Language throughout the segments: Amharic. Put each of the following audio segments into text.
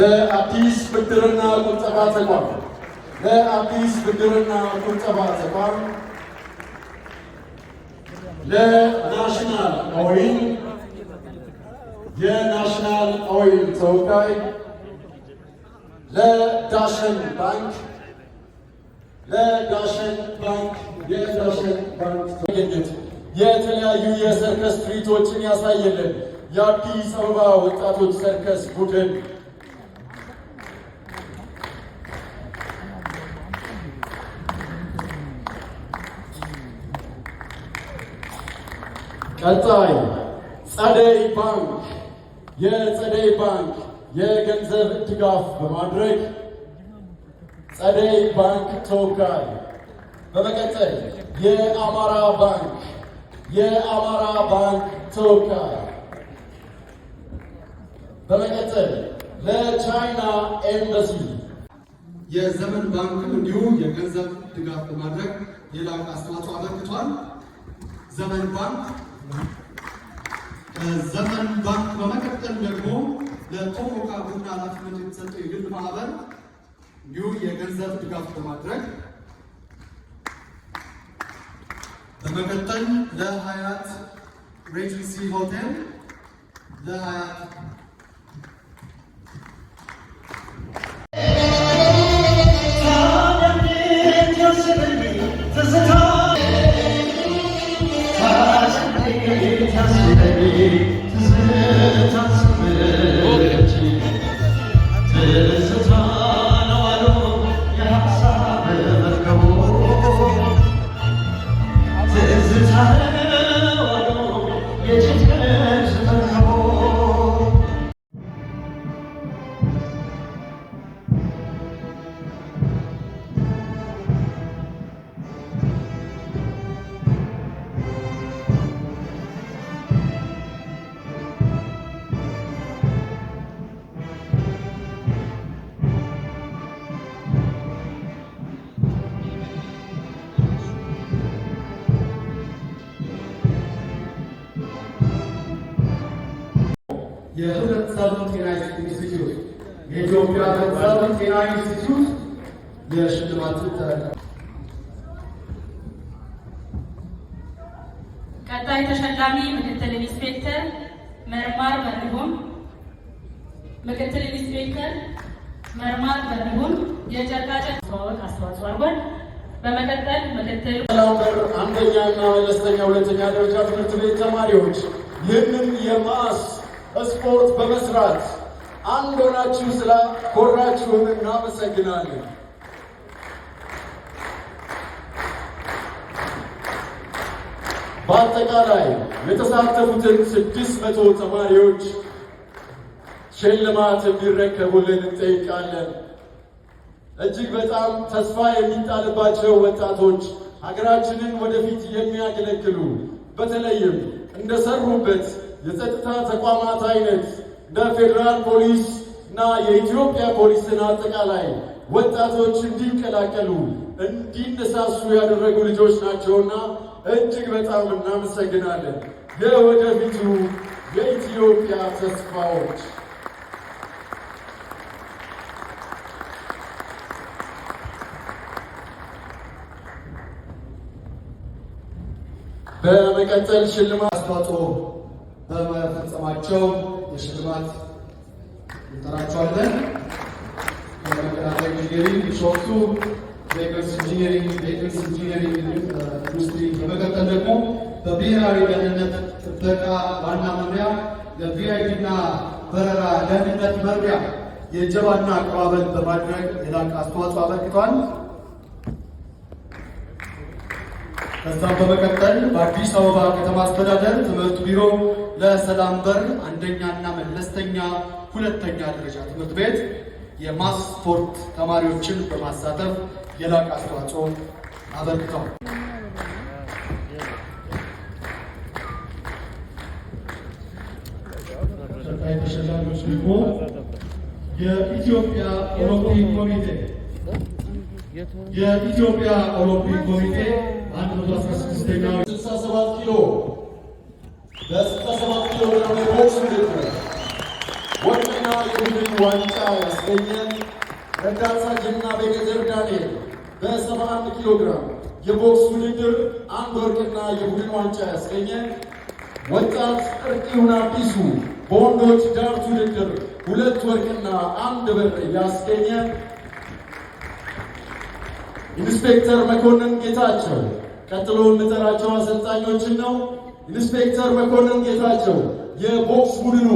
ለአዲስ ብድርና ቁጠባ ተቋም ለአዲስ ብድርና ቁጠባ ተቋም ለናሽናል ኦይል የናሽናል ኦይል ተወካይ ለዳሸን ባንክ ለዳሸን ባንክ የዳሸን ባንክ ተገኘት የተለያዩ የሰርከስ ትርኢቶችን ያሳየልን የአዲስ አበባ ወጣቶች ሰርከስ ቡድን ቀጣይ ጸደይ ባንክ የጸደይ ባንክ የገንዘብ ድጋፍ በማድረግ ጸደይ ባንክ ተወካይ፣ በመቀጠል የአማራ ባንክ የአማራ ባንክ ተወካይ፣ በመቀጠል ለቻይና ኤምባሲ የዘመን ባንክ እንዲሁ የገንዘብ ድጋፍ በማድረግ የላቅ አስተዋጽኦ አበርክቷል። ዘመን ባንክ ዘመን ባንክ በመቀጠል ደግሞ ለቶሞካ ቡና ኃላፊነት የተሰጠው የግል ማህበር እንዲሁም የገንዘብ ድጋፍ በማድረግ በመቀጠል ለሀያት ሬጀንሲ ሆቴል ለሀያት Thank you. የህብረተሰቡን ጤና ኢንስቲትዩት የኢትዮጵያ ህብረተሰቡን ጤና ኢንስቲትዩት የሽልማት ተረካ። ቀጣይ ተሸላሚ ምክትል ኢንስፔክተር መርማር በርሁም፣ ምክትል ኢንስፔክተር መርማር በርሁም የጨርቃጨርቅ ማወቅ አስተዋጽኦ አድርጓል። በመቀጠል ምክትል ላበር አንደኛና መለስተኛ ሁለተኛ ደረጃ ትምህርት ቤት ተማሪዎች ይህንን የማስ ስፖርት በመስራት አንድ ሆናችሁ ኮራችሁን እናመሰግናለን። በአጠቃላይ የተሳተፉትን ስድስት መቶ ተማሪዎች ሽልማት እንዲረከቡልን እንጠይቃለን። እጅግ በጣም ተስፋ የሚጣልባቸው ወጣቶች ሀገራችንን ወደፊት የሚያገለግሉ በተለይም እንደሰሩበት የጸጥታ ተቋማት አይነት እንደ ፌዴራል ፖሊስ እና የኢትዮጵያ ፖሊስን አጠቃላይ ወጣቶች እንዲቀላቀሉ እንዲነሳሱ ያደረጉ ልጆች ናቸውና እጅግ በጣም እናመሰግናለን። የወደፊቱ የኢትዮጵያ ተስፋዎች በመቀጠል ሽልማት አስተዋጽኦ በመፈጸማቸው የሽልማት እንጠራቸዋለን። ከመከላከያ ኢንጂኒሪንግ፣ ቢሾፍቱ ቬይክልስ ኢንጂኒሪንግ፣ ቬይክልስ ኢንጂኒሪንግ ኢንዱስትሪ፣ በመቀጠል ደግሞ በብሔራዊ ደህንነት ጥበቃ ዋና መምሪያ ለቪአይፒ እና በረራ ደህንነት መምሪያ የጀባና አቀባበል በማድረግ የላቀ አስተዋጽኦ አበርክተዋል። ከዛም በመቀጠል በአዲስ አበባ ከተማ አስተዳደር ትምህርት ቢሮ ለሰላም በር አንደኛና መለስተኛ ሁለተኛ ደረጃ ትምህርት ቤት የማስፖርት ተማሪዎችን በማሳተፍ የላቅ አስተዋጽኦ አበርክተዋል። ቀጣይ ተሸላሚዎች ደግሞ የኢትዮጵያ ኦሎምፒክ ኮሚቴ የኢትዮጵያ ኦሎምፒክ ኮሚቴ 116ኛ 67 ኪሎ በ67 ኪሎ ግራም ውድድር ወርቅና የቡድን ዋንጫ ያስገኘን ረዳት ሳጅንና ቤገዘር ዳንኤል በ71 ኪሎ ግራም የቦክስ ውድድር አንድ ወርቅና የቡድን ዋንጫ ያስገኘን ወጣት እርቂሁን አዲሱ በወንዶች ዳርት ውድድር ሁለት ወርቅና አንድ ብር ያስገኘ ኢንስፔክተር መኮንን ጌታቸው። ቀጥሎ የምጠራቸው አሰልጣኞችን ነው። ኢንስፔክተር መኮንን ጌታቸው የቦክስ ቡድኑ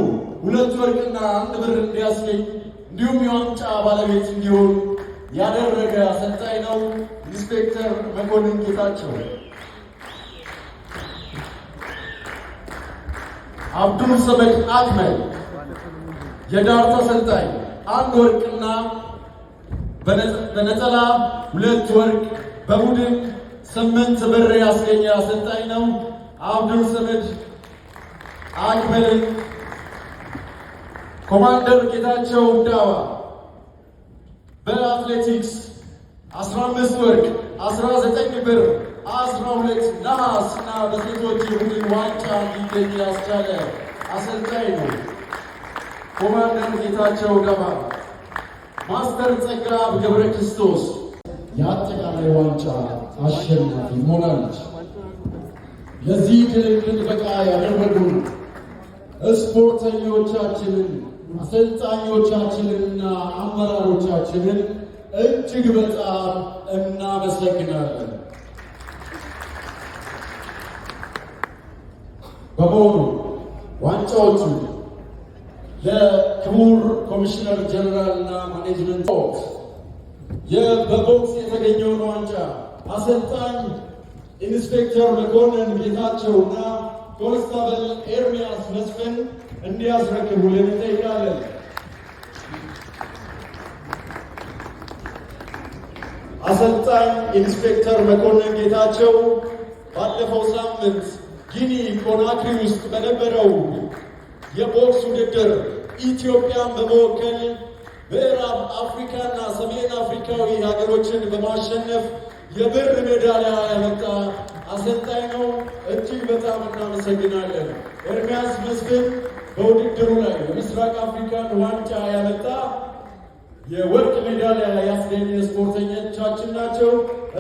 ሁለት ወርቅና አንድ ብር እንዲያስገኝ እንዲሁም የዋንጫ ባለቤት እንዲሆን ያደረገ አሰልጣኝ ነው ኢንስፔክተር መኮንን ጌታቸው። አብዱል ሰመድ አክመል የዳርቶ አሰልጣኝ አንድ ወርቅና በነጠላ ሁለት ወርቅ በቡድን ስምንት ብር ያስገኘ አሰልጣኝ ነው። አብዱል ሰመድ ልጅ አክብል ኮማንደር ጌታቸው ዳባ በአትሌቲክስ 15 ወርቅ 19 ብር 12 ነሐስ እና በሴቶች የቡድን ዋንጫ እንዲገኝ ያስቻለ አሰልጣኝ ነው። ኮማንደር ጌታቸው ዳባ፣ ማስተር ጸጋብ ገብረ ክርስቶስ የአጠቃላይ ዋንጫ አሸናፊ ሆናለች። ለዚህ ድል እንድንበቃ ያደረጉ ስፖርተኞቻችንን፣ አሰልጣኞቻችንንና አመራሮቻችንን እጅግ በጣም እናመሰግናለን። በመሆኑ ዋንጫዎቹ ለክቡር ኮሚሽነር ጀነራልና ማኔጅመንት የበቦክስ የተገኘውን ዋንጫ አሰልጣኝ ኢንስፔክተር መኮንን ጌታቸውና ኮንስታብል ኤርሚያስ መስፍን እንዲያስረክቡልን እንጠይቃለን። አሰልጣኝ ኢንስፔክተር መኮንን ጌታቸው ባለፈው ሳምንት ጊኒ ኮናክሪ ውስጥ በነበረው የቦክስ ውድድር ኢትዮጵያን በመወከል ምዕራብ አፍሪካና ሰሜን አፍሪካዊ ሀገሮችን በማሸነፍ የብር ሜዳሊያ ያበቃ አሰልጣኝ ነው። እጅግ በጣም እናመሰግናለን። ኤርሚያስ መስፍን በውድድሩ ላይ የምስራቅ አፍሪካን ዋንጫ ያመጣ የወርቅ ሜዳሊያ ያስገኘ ስፖርተኞቻችን ናቸው።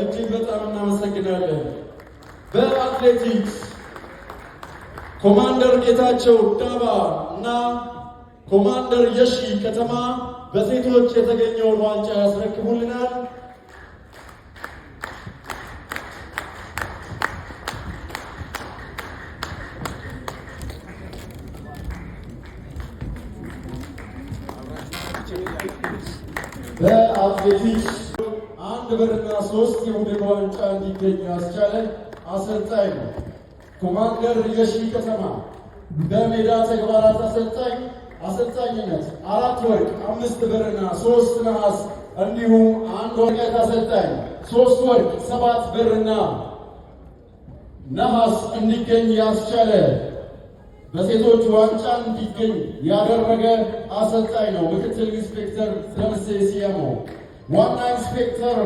እጅግ በጣም እናመሰግናለን። በአትሌቲክስ ኮማንደር ጌታቸው ዳባ እና ኮማንደር የሺ ከተማ በሴቶች የተገኘውን ዋንጫ ያስረክቡልናል። በአትሌቲክስ አንድ ብርና ሶስት የቡድን ዋንጫ እንዲገኝ ያስቻለ አሰልጣኝ ነው። ኮማንደር የሺ ከተማ በሜዳ ተግባራት አሰልጣኝ አሰልጣኝነት አራት ወርቅ፣ አምስት ብርና ሶስት ነሐስ እንዲሁም አንድ ወርቀት አሰልጣኝ ሶስት ወርቅ፣ ሰባት ብርና ነሐስ እንዲገኝ ያስቻለ በሴቶች ዋንጫ እንዲገኝ ያደረገ አሰልጣኝ ነው። ምክትል ኢንስፔክተር ደምሴ ሲያሞ ዋና ኢንስፔክተር